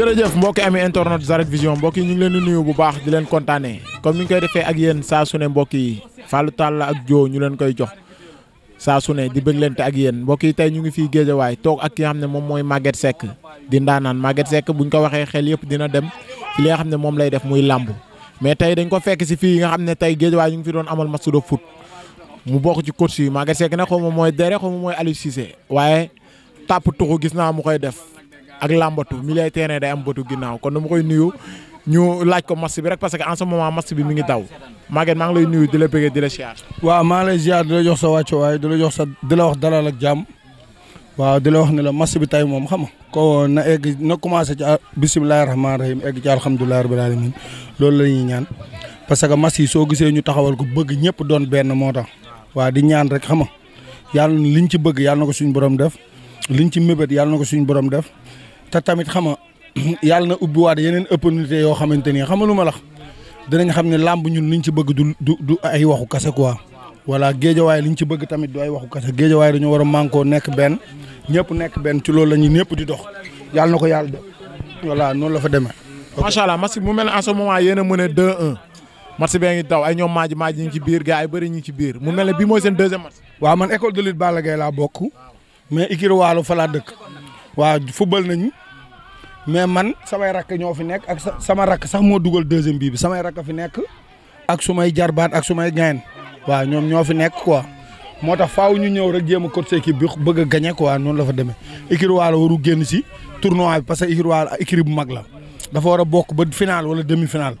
jërëjëf mbokki ami internet Zaret Vision mbokk yi ñu ngi leen di nuyu bu baax di leen kontaanee comme ni ñu koy defee ak yéen saa su ne mbokk yi Fallou Tall ak Dio ñu leen koy jox saa su ne di bëgg leen te ak yéen mbokk yi tey ñu ngi fii Géejawaay toog ak ki nga xam ne moom mooy Maguette Seck di ndaanaan sekk bu buñ ko waxee xel yëpp dina dem ci li nga xam ne moom lay def muy làmb mais tey dañ ko fekk si fii yi nga xam ne tey Géejawaay ñu ngi fi doon amal match de foot mu bokk ci coach yi Maguette Seck nag xaw ma mooy Dere xaw ma mooy Aliou waaye tàpp tuxu gis naa mu koy def ak lambatu milieu terrain day am botu ginnaw kon dama koy nuyu ñu laaj ko match bi rek parce que en ce moment match bi mi ngi daw Maguette ma ngi lay nuyu di la bëggee di la ziar. waaw maa lay ziar di la jox sa wàccuwaay di la jox sa di la wax dalal ak jam wa di la wax ne la match bi tay mom xam ko na egg na commencé ci ah, bismillahir rahmanir rahim egg ci alhamdulilahi rabbil alamin loolu la ñuy ñaan parce que match so gisé ñu taxawal ko bëgg ñepp doon benn motax wa di ñaan rek xam nga yàlla liñ ci bëgg yalla nako suñu borom def liñ ci mebet yalla nako suñu borom def te tamit xam nga yàlla na ubbiwaat yeneen opportunité yoo xamante ni xam nga lu ma la dinañ xam ne làmb ñun liñ ci bëgg du du du ay waxu kase quoi voilà géejawaay liñ ci bëgg tamit du ay waxu kase géejawaay ñoo war a mànkoo nekk benn ñëpp nekk ben ci loolu la ñu ñëpp di dox yàlla na ko yàlla def voilà noonu la fa demee. macha allah match mu mel ne en ce moment yéen a mën a 2-1 match bee ngi taw ay ñoom maaj maaj ñu ci biir gars yi bëri ñu ngi ci biir mu mel ne bii mooy seen deuxième match. waaw man laa bokk waaw football nañu mais man samay rakk ñoo fi nekk ak sama rakk sax moo dugal deuxième bii bi samay rakk fi nekk ak sumay jarbaat ak sumay gayen waaw ñoom ñoo fi nekk quoi moo tax faaw ñu ñëw rek jéem a cote équipe bi bëgg a gagné quoi noonu la fa demee waalo waru génn si tournoi bi parce que équipe waalo bu mag la dafa war a bokk ba final wala demi final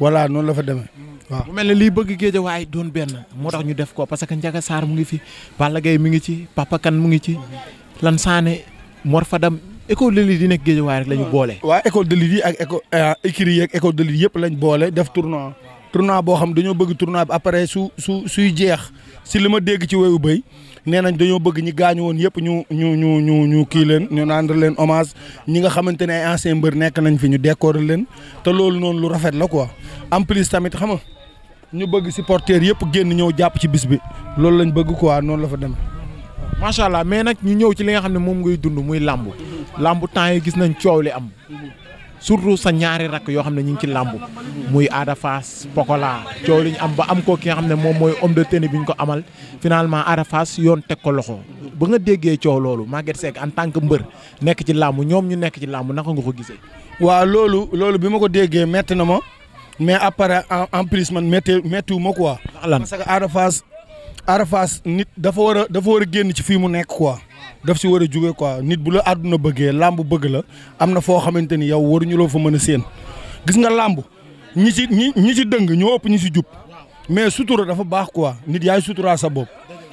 voilà noonu la fa deme waaw. mu mel ne lii bëgg géejawaay doon benn moo tax ñu def ko parce que Ndiaga Sarr mu ngi fi Balla Gaye mi ngi ci Papa Kane mu ngi ci Lan Sané Mor Fadam école de lutte yi nekk Guédiawaye rek la ah. boole. waaw école de lutte yi ak éco euh, écurie yi ak école de lutte yëpp lañ boole def tournoi tournoi boo xam dañoo bëgg tournoi bi après su su suy jeex si li ma dégg ci wéyu béy nee nañ dañoo bëgg ñi gaañu woon yëpp ñu ñu ñu ñu ñu kii leen ñu naan leen hommage ñi nga xamante ne ay ancien mbër nekk nañ fi ñu décorer leen te loolu noonu lu rafet la quoi en plus tamit xam nga ñu bëgg supporter yëpp génn ñëw jàpp ci bis bi loolu lañ bëgg quoi noonu la fa demee. macha allah mais nag ñu ñëw ci li nga xam ne moom ngay dund muy làmb làmb temps yi gis nañ coow li am surtout sa ñaari rakk yoo xam ne ñu ngi ci làmbu muy Ada Fass Pokola coow li ñu am ba am ko ki nga xam ne moom mooy homme de bi ñu ko amal finalement Ada Fass yoon teg ko loxo ba nga déggee coow loolu Maguette Seck en tant que mbër nekk ci làmb ñoom ñu nekk ci làmb naka nga ko gisee. waaw loolu loolu bi ma ko déggee metti na ma mais après en plus man métti méttiwu ma quoi. Ada nit dafa war a dafa war a génn ci fii mu nekk quoi daf si war a juge quoi nit bu la àdduna bëggee làmb bëgg la am na foo xamante ni yow waruñu loo fa mën a séen gis nga làmb ñi si ñi ñi ci dëng ñoo ëpp ñi si jub mais sutura dafa baax quoi nit yaay suturaa sa bopp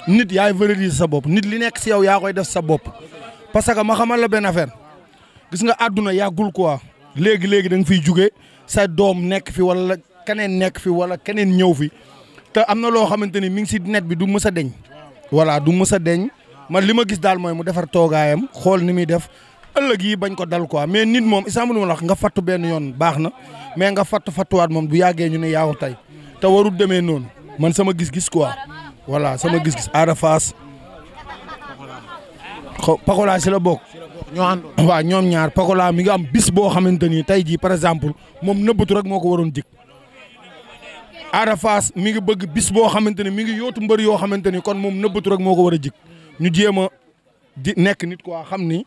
nit yaay valoriser sa bopp nit li nekk si yow yaa koy def sa bopp parce que ma xamal la benn affaire gis nga àdduna yàggul quoi léegi léegi da nga fiy jóge sa doom nekk fi wala keneen nekk fi wala keneen ñëw fi te amna lo xamanteni mi ngi ci net bi du mësa deñ wala du mësa deñ man lima gis dal moy mu défar togaayam xol ni mi def ëllëg yi bañ ko dal quoi mais nit mom isaamu lu wax nga fatu ben yoon baxna mais nga fatu fattuwaat mom du yagge ñu ne yaaw tay te warul démé non man sama gis-gis quoi wala sama gis-gis arafas Pakola ci la bok ño ànd wa ñom ñaar Pakola mi nga am bis bo xamanteni tay ji par exemple mom neubut rek moko ko dik Ada mi ngi bëgg bis boo xamante ni mi ngi yootu mbër yoo xamante ni kon moom nëbbatu rek moo ko war a jik ñu jéema a nekk nit quoi xam ni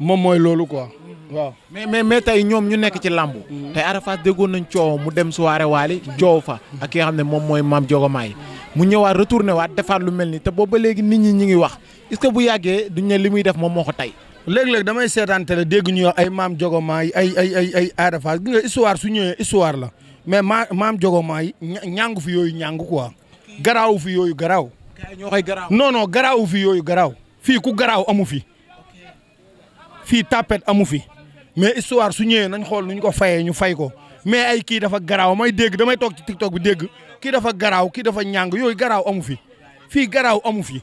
moom mooy loolu ko waaw. mais mais mais tey ñoom ñu nekk ci làmb mm. tey Ada Fass déggoon nañ coow mu dem soirée waali coow fa ak ki xam ne moom mooy maam Jogomaay mu ñëwaat retourné waat defaat lu mel ni te boobu ba léegi nit ñi ñi ngi wax est-ce bu yàggee duñ ne li muy def moom moo ko tey. léeg-léeg damay seetaan télé dégg ñu wax ay maam Jogomaay ay ay ay ay Ada Fass gi la. mais maa maam jogo maay ñàngu fi yooyu ñàngu quoi garaawu fi yooyu garaaw. ñoo koy garaaw non garaawu fi yooyu garaaw fii ku garaaw amu fi fii tapet amu fi mais histoire su ñëwee nañ xool nuñ ko fayee ñu fay ko mais ay kii dafa garaaw mooy dégg damay toog ci tiktok bi dégg kii dafa garaaw kii dafa ñàng yooyu garaaw amu fi fii garaaw amu fi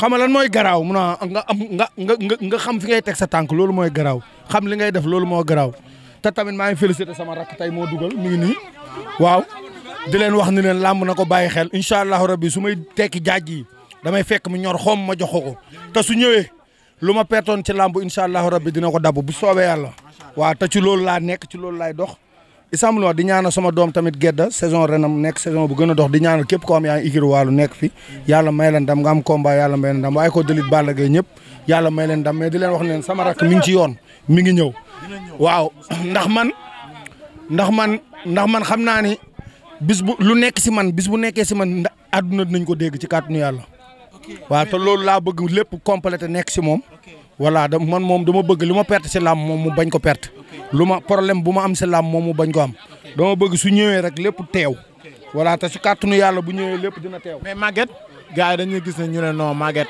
xam nga lan mooy garaaw mun a nga am nga nga xam fi ngay teg sa tànk loolu mooy garaaw xam li ngay def loolu moo garaaw. te tamit maa ngi félicité sama rakk tey moo dugal mi ngi nii waaw di leen wax ni leen làmb na ko bàyyi xel incha allahu rabbi su may tekki jaaj yi damay fekk mu ñor xoom ma jox ko te su ñëwee lu ma pertoon ci làmb incha allahu rabbi dina ko dabb bu soobee yàlla waaw te ci loolu laa nekk ci loolu laay dox. isamlo di ñaanal sama doom tamit gedda saison renam nekk saison bu gën a dox di ñaanal képp koo xam yaa ngi igir waalu nekk fi yàlla may leen dam nga am combat yàlla may leen dam ko dëlit Balla Gaye ñëpp yàlla may leen dam mais di leen wax ne sama rakk mi ngi ci yoon mi ngi ñëw waaw ndax man ndax man ndax man xam naa ni bis bu lu nekk si man bis bu nekkee si man ndax di nañ ko dégg ci kàttanu yàlla waaw te loolu laa bëgg lépp complété nekk si moom voilà da man moom dama bëgg li ma perte si làmb moom mu bañ ko perte lu ma problème bu ma am si làmb moom mu bañ ko am dama bëgg su ñëwee rek lépp teew voilà te si kàttanu yàlla bu ñëwee lépp dina teew mais Maguette gars da dañuy gis ne ñu ne non Maguette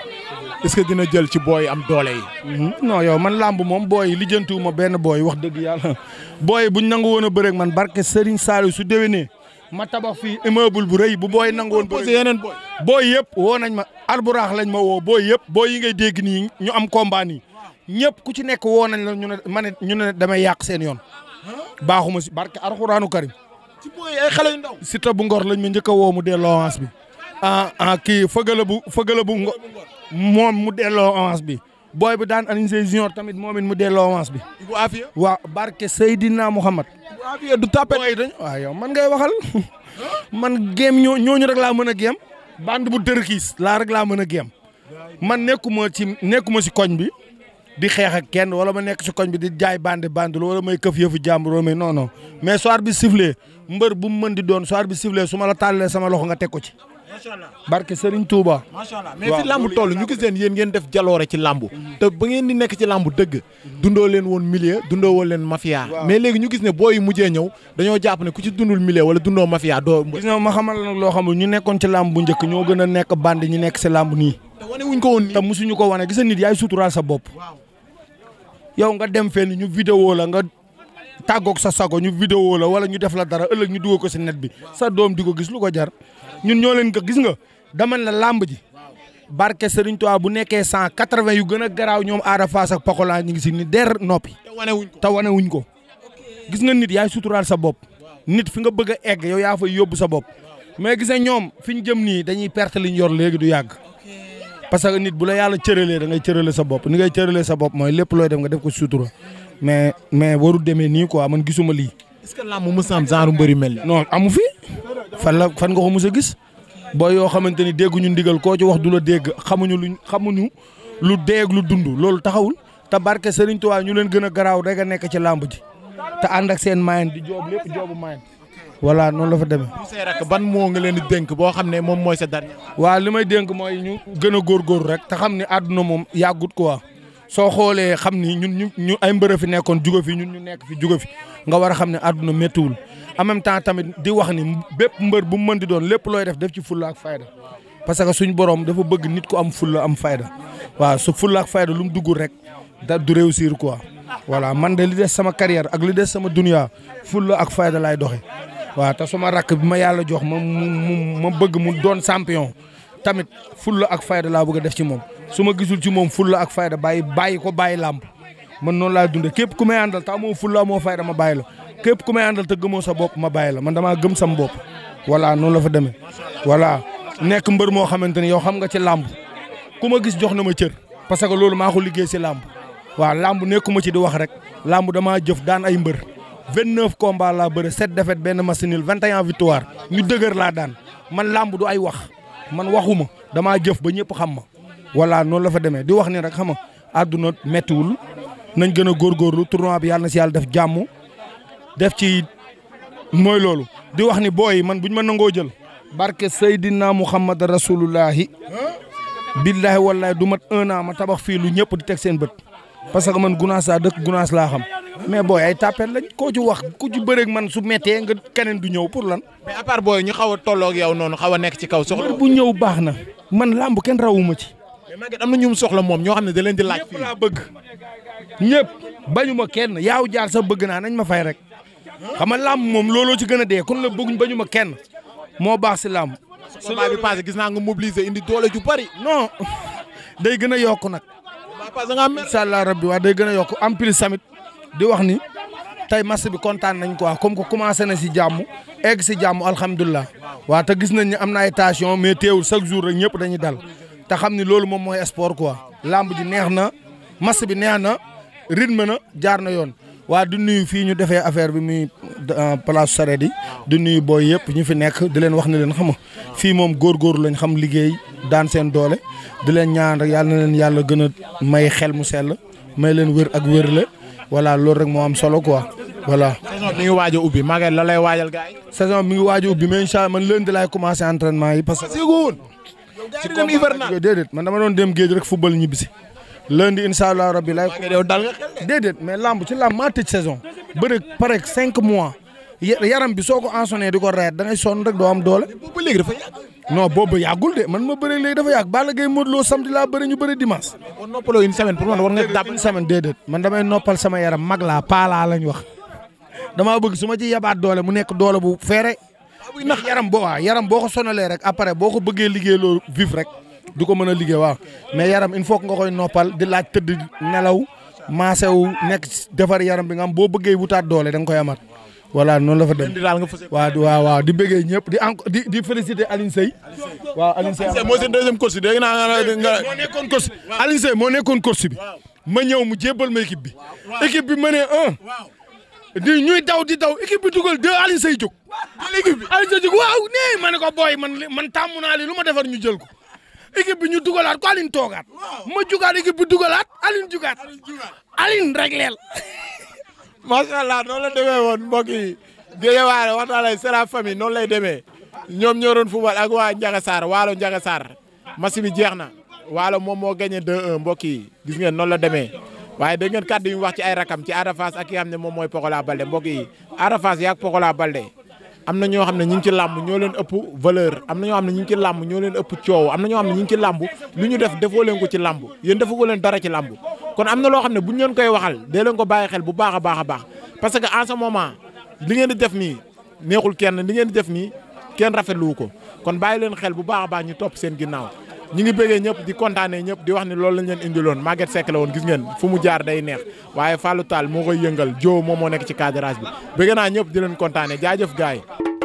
est-ce jël ci booy am doole yi. Mhm. non yow man làmb moom booy yi ma benn booy wax dëgg yàlla booy buñ nangu woon a bëreeg man barke Serigne Saliou su déwénee ma tabax fii immeuble bu rëy bu booy nangu woon. posé yeneen booy yëpp woo nañ ma alburaax lañ ma woo booy yëpp booy yi ngay dégg nii ñu am combat nii ñëpp ku ci nekk woo nañ la ñu ne ma ne ñu ne damay yàq seen yoon baaxuma si barke alxuraanu karim. ci booy ay xale yu bu ngor lañ ma njëkk a woo mu dee bi. ah kii fëgala bu fëgala bu ngo moom mu delloo avance bi booy bi daan Alioune Seye junior tamit moom it mu delloo avance bi. Ibou Afia waaw Barke Seydina Mohamed. Ibou Afia du tapé. waaw yow man ngay waxal man géem ñooñu rek laa mën a géem. bande bu dërkiis laa rek laa mën a géem. man nekkuma ci nekkuma si koñ bi. di xeex kenn wala ma nekk si koñ bi di jaay bande bande wala may këf yëfu jàmbur wala may non non mais soir bi sifflé mbër bu mu mën di doon soir bi sifflé su ma la tàllee sama loxo nga teg ko ci. barke Serigne Touba. macha allah mais fi làmb toll ñu gis leen yéen ngeen def jaloore ci làmb mm-hmm. te ba ngeen di nekk ci làmb dëgg. dundoo leen woon milieu dundoo woon leen mafia. mais léegi ñu gis ne booy yu mujjee ñëw dañoo jàpp ne ku ci dundul milieu wala dundoo mafia doo. gis nga ma xamal la nag loo xam ne ñu nekkoon ci làmb bu njëkk ñoo gën a nekk band ñu nekk si làmb nii. te wane wuñ ko woon nii te mosuñu ko wane gis nit yaay suturaal sa bopp. yow nga dem fenn ñu vidéo la nga tàggoog sa sago ñu vidéo la wala ñu def la dara ëllëg ñu dugal ko si net bi sa doom di gis lu ko jar ñun ñoo leen gis nga dama la làmb ji barke Serigne Touba bu nekkee cent quatre-vingts yu gën a garaaw ñoom Ada Fass ak Pokola ñu ngi si ni der noppi. te wane wuñ ko gis nga nit yaay suturaal sa bopp nit fi nga bëgg a egg yow yaa fay yóbbu sa bopp mais gis ñoom fi ñu nii dañuy perte li léegi du yàgg. parce que nit bu la yàlla cëralee da ngay cërale sa bopp ni ngay cëralee sa bopp mooy lépp looy def nga def ko sutura mais mais waru demee nii quoi man gisuma lii. est-ce que làmb mës am genre mbëri amu fi fan la fan nga ko mës gis booy yoo xamante ni dégguñu ndigal koo ci wax du la dégg xamuñu luñ xamuñu lu deeg lu dund loolu taxawul te barke Serigne Touba ñu leen gën a garaaw rek a nekk ci làmb ji te ànd ak seen mayen di joob lépp joobu mayen voilà noonu la fa demee. say rakk ban moo nga leen di dénk boo xam ne moom mooy sa dernier. waaw li may dénk mooy ñu gën a góor rek te xam ne àdduna moom yàggut quoi soo xoolee xam ni ñun ñu ñu ay mbërë fi nekkoon jugo fi ñun ñu nekk fi jugo fi nga war a xam ne àdduna méttiwul en même temps tamit di wax ni bépp mbër bu mu mën di doon lépp looy def def ci fulla ak fayda parce que suñ borom dafa bëgg nit ku am fulla am fayda waaw su fulla ak fayda lu mu duggul rek da du réussir quoi voilà man de li des sama carrière ak li des sama dunia fulla ak fayda laay doxe waaw te suma rakk bi ma yàlla jox ma mu ma bëgg mu doon champion tamit fulla ak fayda laa bëgg def ci moom su ma gisul ci moom fulla ak fayda bàyyi bàyyi ko bàyyi làmb man noonu laa dundee képp ku may àndal te amoo fulla moo fayda ma bàyyi la képp ku may àndal te gëmoo sa bopp ma bàyyi la man damaa gëm sam bopp voilà noon la fa demee voilà nekk mbër moo xamante ni yow xam nga ci làmb ku ma gis jox na ma cër parce que loolu maa ko liggéey si làmb waa làmb nekkuma ci di wax rek làmb damaa jëf daan ay mbër 29 combat la beure 7 défaites ben match nul 21 victoires ñu deuguer la daan man lamb du ay wax man waxuma dama jëf ba ñepp xam ma. wala non la fa démé di wax ni rek xam aduna àdduna méttiwul nañ gën gor góorgóorlu tournoi bi yàlla na si def jamm def ci moy lolu di wax ni boy man buñ ma nango jël. barke Seydina Muhammad rasulullahi billahi wallahi duma 1 an ma tabax fi lu ñepp di tek seen bët parce que man gunaas dekk gunaas xam. mais booy ay tapet la koo ci wax ku ci bëreeg man su méttee nga keneen du ñëw pour lan. mais à part booy ñu xaw a tolloo yow noonu xaw a nekk ci kaw soxla. bu ñëw baax na man làmb kenn rawuma ci. mais Maguette am na ñu soxla moom ñoo xam ne da leen di laaj. ñëpp laa bëgg ñëpp bañu ma kenn yaaw jaar sa bëgg naa nañ ma fay rek xam nga moom looloo ci gën a dee kon la bëgg bañu ma kenn moo baax si làmb. su bi passé gis naa nga mobilise indi doole ju bari. non day gën a yokku nag. incha allah rabbi waa day gën a yokk en plus samit di wax ni tey match bi kontaan nañ quoi comme que commencé nañ si jàmm egg si jàmm alhamdulilah waaw te gis nañ ne am na ay tension mais teewul chaque jour rek ñëpp dañuy dal te xam ni loolu moom mooy sport quoi. làmb ji neex na match bi neex na rythme na jaar na yoon waa du nuyu fii ñu defee affaire bi muy euh, place saret di du nuyu boo yëpp ñu fi nekk di leen wax ne leen xam nga fii moom góorgóorlu lañ xam liggéey daan seen doole di leen ñaan rek yàlla na leen yàlla gën a may xel mu sell may leen wér ak wér la voilà loolu rek moo am solo quoi voilà. saison bi mi ngi waaj a ubbi Maguette la lay waajal gars saison mi ngi waaj a ubbi mais incha allah man lundi laay commencé entraînement yi parce que. si woon. si dem hivernal déedéet man dama doon dem géej rek football ñibbi si. lundi incha allah rabbi laay. déedéet mais lamb ci lamb maa tëj saison. bëri pare cinq mois. yaram bi soo ko ensonné di ko reet da ngay rek doo am doole. léegi dafa yàgg. non boobu yàggul de man ma bëre léegi dafa yàgg Balla Gaye Modou Lo samedi laa bëre ñu bëre dimanche. kon noppaloo une semaine pour man war nga dàpp une semaine déedéet. man damay noppal sama yaram mag laa paalaa lañ wax damaa bëgg su ma ci yabaat doole mu nekk doole bu feere. ndax yaram boo waaw yaram boo ko sonalee rek après boo ko bëggee liggéey loolu vif rek du ko mën a liggéey waaw mais yaram il faut que nga koy noppal di laaj tëdd nelaw maasew nekk defar yaram bi nga am boo bëggee wutaat da nga koy amaat. voilà noonu la fa dem waaw waaw waaw di bëggee ñëpp di encore di di féliciter Alioune Seye waaw Alioune Seye mooy seen deuxième course bi dégg naa nga moo nekkoon course bi Alioune moo nekkoon course bi ma ñëw mu jébbal ma équipe bi équipe bi ma ne un di ñuy daw di daw équipe bi dugal deux Alioune Seye bi Alioune Seye waaw nee ma ne ko booy man man tàmm naa li lu ma defar ñu jël ko équipe bi ñu dugalaat ko Alioune toogaat ma jugaat équipe bi dugalaat Alioune jugaat Alioune rek macha allah noonu la demee woon mbokk yi Guédiawaye wax naa lay sera famille noonu lay demee ñoom ñoo doon football ak waa Ndiaga Sarr waalo Ndiaga Sarr match bi jeex na waalo moom moo gagné 2-1 mbokk yi gis ngeen noonu la demee waaye da ngeen kàddu yi wax ci ay rakam ci Ada Fass ak ki nga xam ne moom mooy Pokola Balde mbokk yi Ada Fass yaag Balde am na ñoo xam ne ñu ngi ci làmb ñoo leen ëpp valeur am na ñoo xam ne ñu ci làmb ñoo leen ëpp coow am na ñoo xam ne ñu ngi ci làmb lu ñu def defoo leen ko ci làmb yéen defoo leen dara ci làmb kon am na loo xam ne bu ñu leen koy waxal dee leen ko bàyyi xel bu baax a baax a baax parce que en ce moment li ngeen di def nii neexul kenn li ngeen di def nii kenn rafetlu wu ko kon bàyyi leen xel bu baax a baax ñi topp seen ginnaaw ñi ngi bëggee ñëpp di kontaanee ñëpp di wax ni loolu lañ leen indiloon Maguette Seck la woon gis ngeen fu mu jaar day neex waaye Fallou taal moo koy yëngal joo moom moo nekk ci cadrage bi bëgg naa ñëpp di leen kontaanee jaajëf gars yi